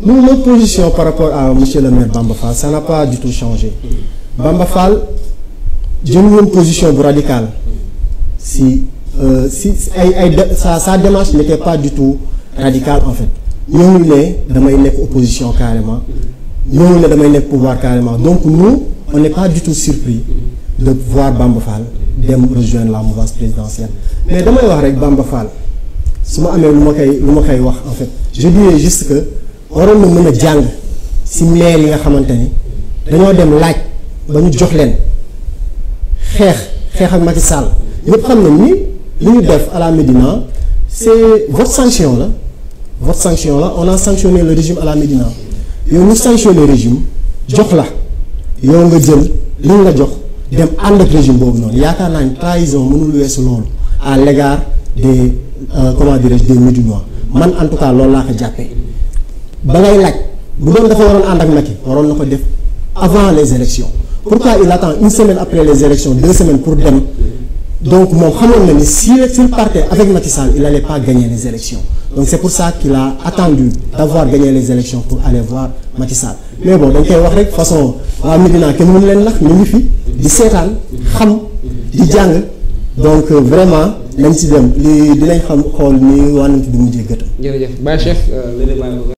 Mon, mon position par rapport à monsieur le maire Bamba Fall ça n'a pas du tout changé Bamba Fall position bu radicale si euh, si ay ay sa sa démarche n'était pas du tout radicale en fait ñëwul ne damay nekk opposition carrément ñëwul ne damay nekk pouvoir carrément donc nous on n'est pas du tout surpris de voir Bamba dem rejoindre la mouvance présidentielle mais damay wax rek Bamba su ma amee lu ma koy lu ma koy wax en fait je dirais waroon na mën a jàng si maire yi nga xamante ni dañoo dem laaj ba ñu jox leen xeex xeex ak Macky Sall ñëpp xam nañ ni li ñu def à la Médina c'est votre sanction la votre sanction la on a sanctionné le régime à la Médina yow ñu sanctionné régime jox la yow nga jël li ñu la jox dem ànd ak régime boobu noonu yaakaar naa ni trahison mënul weesu loolu à l'égard des euh, comment dirais-je des Médinois man en tout cas loolu laa ko jàppee. ba ngay laaj bu doon dafa waroon ànd ak Macky waroon na ko def avant les élections pourquoi il attend une semaine après les élections de semaines pour dem donc moom xamoon na ni si s'il partait avec Macky Sall il allait pas gagner les élections donc c'est pour ça qu'il a attendu d'avoir gagné les élections pour aller voir Macky Sall mais bon dañ koy wax rek façon waa Médina kenn mënu leen nax ñu ngi fi di seetaan xam di jàng donc euh, vraiment nañ ci dem li dinañ xam